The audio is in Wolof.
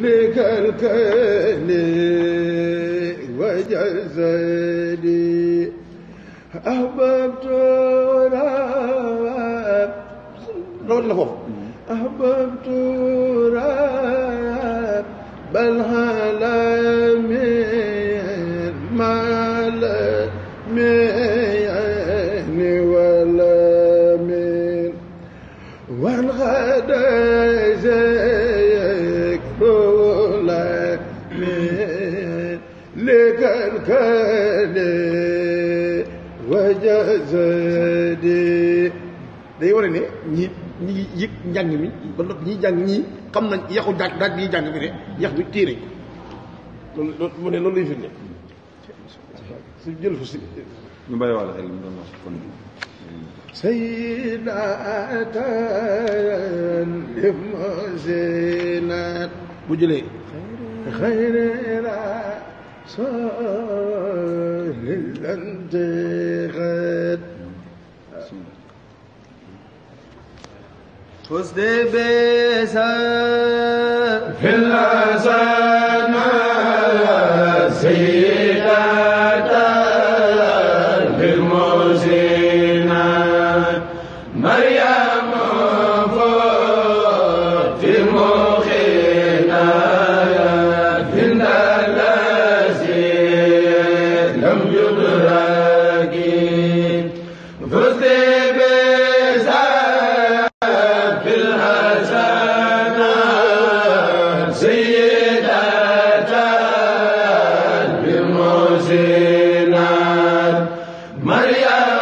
لكالكالي وجزالي أحببت رب روح أحببت رب بل léegal-kale wajazade day wane ne ñi ñi yëg njàng mi ba noppi ñi jàng ñii xam nañ yaxu daaj daaj bi jàng bi ne yax bi téere loolu loolu mu ne loolu lay firnde su jël fu si ñu bàyyi wàll xel mu doon wax kon saydatan limsinat bu jëlee xayr سهل أنت غير حسن بيسا في الأزانة سيدة في llenar.